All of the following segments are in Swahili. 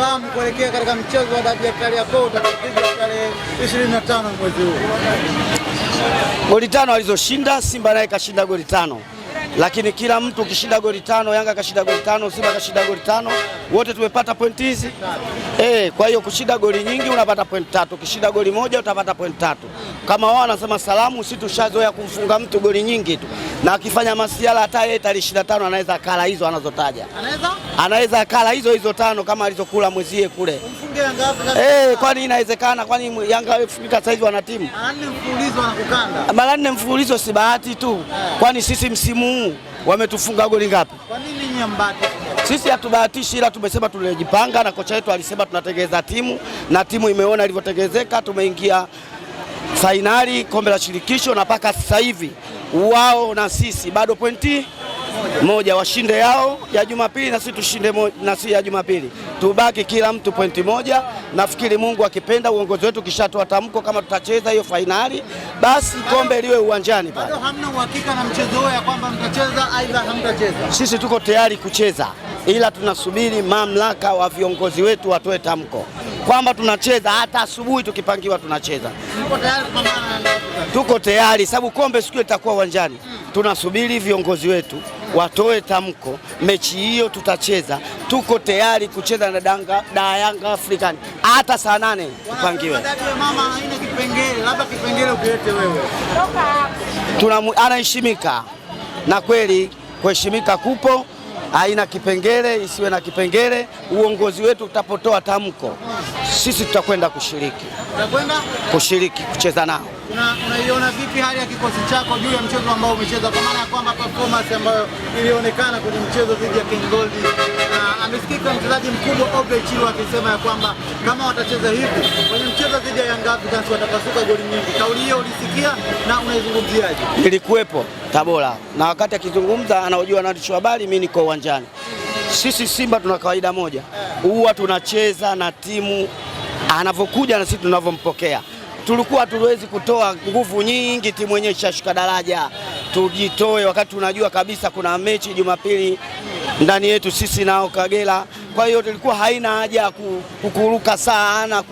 salamu kuelekea katika mchezo wa dabi ya Kariakoo tarehe 25 mwezi huu. Goli tano alizoshinda Simba naye kashinda goli tano lakini kila mtu kishinda goli tano, Yanga kashinda goli tano, Simba kashinda goli tano, wote tumepata pointi hizi eh. Kwa hiyo kushinda goli nyingi unapata pointi tatu, kishinda goli moja utapata pointi tatu. Kama wao wanasema salamu, si tushazoea kumfunga mtu goli nyingi tu, na akifanya masiala hata yeye tarehe ishirini na tano anaweza kala hizo anazotaja, anaweza kala hizo hizo tano kama alizokula mwezie kule. Eh, kwani inawezekana? Kwani Yanga wamefika sasa hivi wana timu mara nne mfululizo, si bahati tu? Eh. Kwani sisi msimu msimu wametufunga goli ngapi? Kwa nini nyinyi mbaki? Sisi hatubahatishi, ila tumesema tunajipanga, na kocha wetu alisema tunatengeneza timu na timu imeona ilivyotengenezeka. Tumeingia fainali kombe la shirikisho, na mpaka sasa hivi wao na sisi bado pointi moja, washinde yao ya Jumapili na sisi tushinde na sisi ya Jumapili, tubaki kila mtu pointi moja. Nafikiri Mungu akipenda, uongozi wetu kishatoa tamko kama tutacheza hiyo fainali, basi kombe liwe uwanjani pale. Bado hamna uhakika na mchezo huo ya kwamba mtacheza aidha hamtacheza? Sisi tuko tayari kucheza, ila tunasubiri mamlaka wa viongozi wetu watoe tamko kwamba tunacheza. Hata asubuhi tukipangiwa tunacheza, tuko tayari sababu kombe siku litakuwa uwanjani. Tunasubiri viongozi wetu watoe tamko, mechi hiyo tutacheza, tuko tayari kucheza na danga, da Yanga African hata saa nane tupangiwe. Anaheshimika na kweli, kuheshimika kupo haina kipengele, isiwe na kipengele. Uongozi wetu utapotoa tamko, sisi tutakwenda kushiriki kushiriki kucheza nao unaiona vipi hali ya kikosi chako juu ya mchezo ambao umecheza, kwa maana ya kwamba performance ambayo ilionekana kwenye mchezo dhidi ya King Gold? Uh, amesikika mchezaji mkubwa Obley Chilo akisema ya kwamba kama watacheza hivi kwenye mchezo dhidi ya Young Africans watapasuka goli nyingi. Kauli hiyo ulisikia na unaizungumziaje? ilikuwepo Tabora na wakati akizungumza, anaojua na waandishi wa habari, mimi niko uwanjani. Sisi Simba tuna kawaida moja, huwa tunacheza na timu anavyokuja na sisi tunavyompokea tulikuwa tuwezi kutoa nguvu nyingi, timu yenyewe ishashuka daraja, tujitoe wakati tunajua kabisa kuna mechi Jumapili ndani yetu sisi nao Kagera. Kwa hiyo tulikuwa haina haja ya kukuruka sana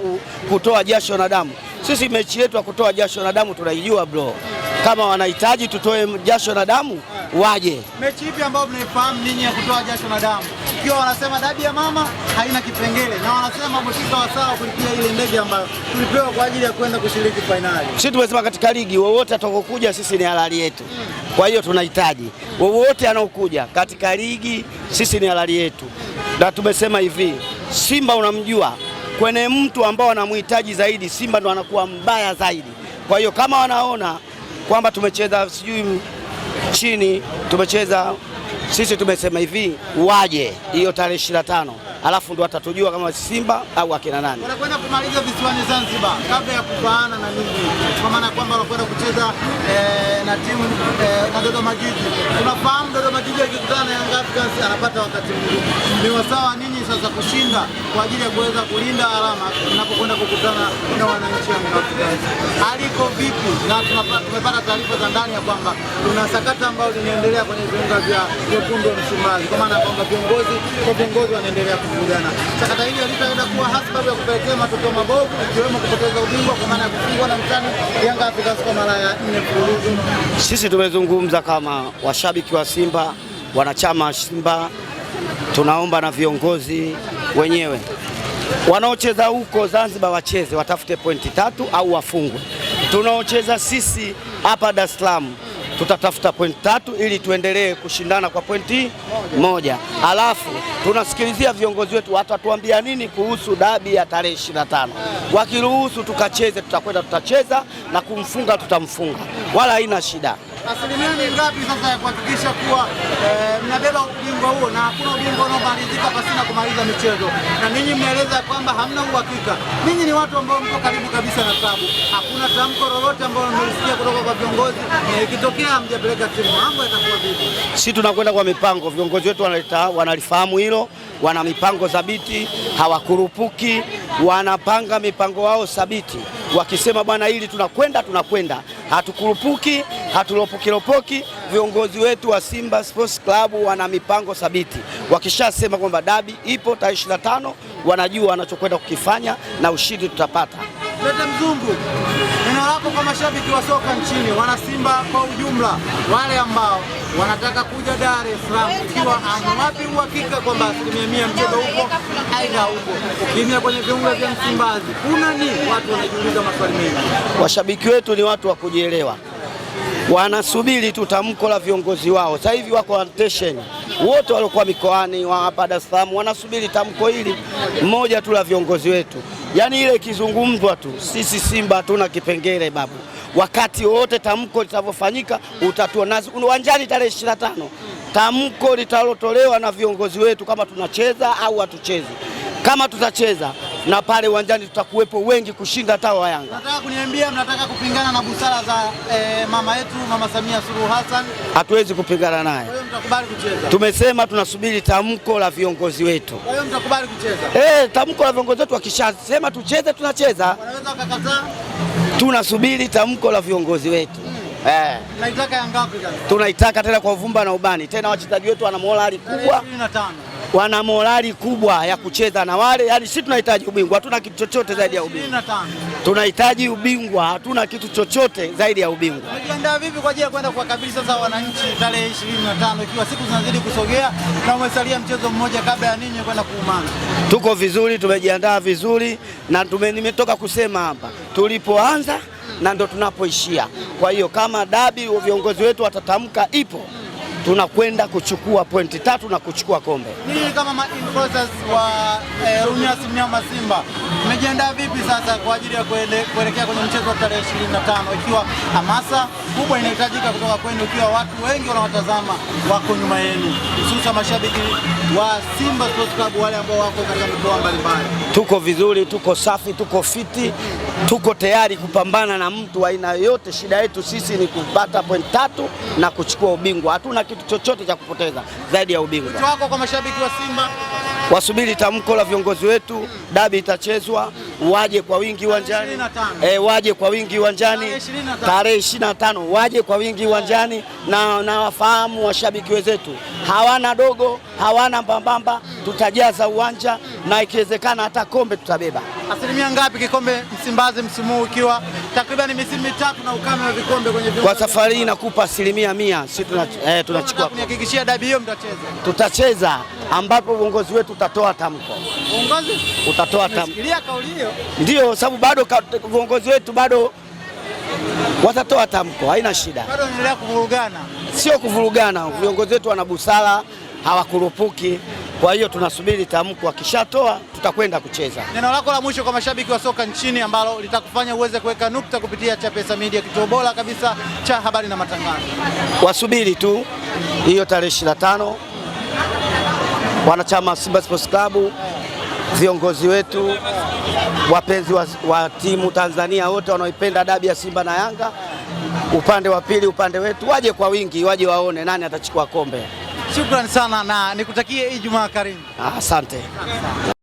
kutoa jasho na damu. Sisi mechi yetu ya kutoa jasho na damu tunaijua bro, kama wanahitaji tutoe jasho na damu waje. Mechi ipi ambayo mnaifahamu ninyi ya kutoa jasho na damu? ikiwa wanasema dabi ya mama haina kipengele, na wanasema mshika wasawa kulipia ile ndege ambayo tulipewa kwa ajili ya kwenda kushiriki fainali. Sisi tumesema katika ligi wowote atakokuja sisi ni halali yetu, kwa hiyo tunahitaji wowote anaokuja katika ligi, sisi ni halali yetu, na tumesema hivi, Simba unamjua kwenye mtu ambao anamhitaji zaidi, Simba ndo anakuwa mbaya zaidi. Kwa hiyo kama wanaona kwamba tumecheza sijui chini, tumecheza sisi tumesema hivi waje hiyo tarehe ishirini na tano alafu ndo atatujua kama Simba au akina nani wanakwenda kumaliza visiwani Zanzibar kabla ya kufaana na nini, kwa maana kwamba wanakwenda kucheza eh, na timu eh, na Dodoma Jiji. Tunafahamu Dodoma Jiji akikutana na Young Africans anapata wakati mgumu. Ni wasawa ninyi sasa kushinda kwa ajili ya kuweza kulinda alama tunapokwenda kukutana na wananchi wa Young Africans. Aliko vipi? Na tumepata taarifa za ndani ya kwamba kuna sakata ambayo linaendelea kwenye viunga vya wekundu wa Msimbazi, kwa maana kwamba viongozi kwa viongozi wanaendelea kuvurugana. Sakata hili litaenda kuwa sababu ya kupelekea matokeo mabovu ikiwemo kupoteza ubingwa kwa maana ya kufungwa na mtani Young Africans kwa mara ya nne. Sisi tumezungumza kama washabiki wa Simba, wanachama wa Simba, tunaomba na viongozi wenyewe wanaocheza huko Zanzibar wacheze watafute pointi tatu au wafungwe. Tunaocheza sisi hapa Dar es Salaam tutatafuta pointi tatu ili tuendelee kushindana kwa pointi moja, alafu tunasikilizia viongozi wetu watatuambia nini kuhusu dabi ya tarehe 25. Wakiruhusu tukacheze, tutakwenda tutacheza na kumfunga tutamfunga, wala haina shida asilimia ni ngapi sasa ya kuhakikisha kuwa eh, mnabeba ubingwa huo na hakuna ubingwa unaomalizika pasina kumaliza michezo, na ninyi mnaeleza kwamba hamna uhakika. Ninyi ni watu ambao mko karibu kabisa na klabu, hakuna tamko lolote ambalo mmelisikia kutoka kwa viongozi na ikitokea hamjapeleka timu, mambo yatakuwa vipi? Sisi tunakwenda kwa mipango, viongozi wetu wanalifahamu hilo, wana mipango thabiti, hawakurupuki, wanapanga mipango wao thabiti wakisema bwana, hili tunakwenda tunakwenda, hatukurupuki haturopokiropoki. Viongozi wetu wa Simba Sports Club wana mipango thabiti, wakishasema kwamba dabi ipo tarehe 25 wanajua wanachokwenda kukifanya na ushindi tutapata. mzungu hapo kwa mashabiki wa soka nchini, wana Simba kwa ujumla, wale ambao wanataka kuja Dar es Salaam ikiwa anawapi uhakika kwamba asilimia mia mchezo huko, aidha huko ukimia kwenye viunga vya Msimbazi kuna ni Watu wanajiuliza maswali mengi. Washabiki wetu ni watu wa kujielewa, wanasubiri tu tamko la viongozi wao. Sasa hivi wako on wote waliokuwa mikoani wa hapa Dar es Salaam wanasubiri tamko hili mmoja tu la viongozi wetu yani ile ikizungumzwa tu, sisi Simba hatuna kipengele babu. Wakati wote tamko litavyofanyika utatua uwanjani tarehe ishirini na tano tamko litalotolewa na viongozi wetu, kama tunacheza au hatuchezi. Kama tutacheza na pale uwanjani tutakuwepo wengi kushinda hata wa Yanga. Nataka kuniambia mnataka kupingana na busara za e, mama yetu Mama Samia Suluhu Hassan. Hatuwezi kupingana naye. Kwa hiyo mtakubali kucheza. Tumesema tunasubiri tamko la viongozi wetu. Kwa hiyo mtakubali kucheza. Eh, tamko la viongozi wetu wakishasema tucheze tunacheza. Wanaweza kukataa. Tunasubiri tamko la viongozi wetu. Hmm. Eh. Tunaitaka tena kwa uvumba na ubani tena wachezaji wetu wana morali kubwa wana morali kubwa ya kucheza na wale yani, sisi tunahitaji ubingwa, hatuna kitu chochote zaidi ya ubingwa. Tunahitaji ubingwa, hatuna kitu chochote zaidi ya ubingwa. Unajiandaa vipi kwa ajili ya kwenda kuwakabili sasa wananchi tarehe 25 ikiwa siku zinazidi kusogea na umesalia mchezo mmoja kabla ya ninyi kwenda kuumana? Tuko vizuri, tumejiandaa vizuri na tume, nimetoka kusema hapa tulipoanza na ndo tunapoishia. Kwa hiyo kama dabi viongozi wetu watatamka ipo tunakwenda kuchukua pointi tatu na kuchukua kombe. Ninyi kama influencers wa e, Runyasi mnyama Simba mmejiandaa vipi sasa kwa ajili ya kuelekea kwenye mchezo wa tarehe 25, ikiwa hamasa kubwa inahitajika kutoka kwenu, ikiwa watu wengi wanawatazama wako nyuma yenu, hususan mashabiki wa Simba Sports Club, wale ambao wako katika mikoa mbalimbali? Tuko vizuri, tuko safi, tuko fiti, tuko tayari kupambana na mtu aina yoyote. Shida yetu sisi ni kupata pointi tatu na kuchukua ubingwa, hatuna kitu kitu chochote cha kupoteza zaidi ya ubingwa. Wito wako kwa mashabiki wa Simba, wasubiri tamko la viongozi wetu hmm. Dabi itachezwa waje kwa wingi uwanjani e, waje kwa wingi uwanjani tarehe ishirini na tano waje kwa wingi uwanjani na, nawafahamu washabiki wenzetu hawana dogo hawana mbambamba, tutajaza uwanja na ikiwezekana hata kombe tutabeba. Asilimia ngapi kikombe Msimbazi msimu huu ikiwa takriban misimu mitatu na ukame wa vikombe kwenye kwa safari hii nakupa asilimia mia, sisi eh, tunachukua kuhakikishia dabi hiyo mtacheza. Tutacheza ambapo uongozi wetu utatoa tamko. Uongozi utatoa tamko. sikilia kauli hiyo. Ndio sababu bado uongozi wetu bado watatoa tamko, haina shida. Bado endelea kuvurugana. Sio kuvurugana, viongozi wetu wana busara, hawakurupuki. Kwa hiyo tunasubiri tamko, akishatoa tutakwenda kucheza. Neno lako la mwisho kwa mashabiki wa soka nchini ambalo litakufanya uweze kuweka nukta kupitia Chapesa Media, kituo bora kabisa cha habari na matangazo? Wasubiri tu hiyo tarehe 25, wanachama Simba Sports Club, viongozi wetu, wapenzi wa, wa timu Tanzania wote wanaoipenda dabi ya Simba na Yanga, upande wa pili, upande wetu, waje kwa wingi, waje waone nani atachukua kombe. Shukrani sana na nikutakie Ijumaa karimu. Asante.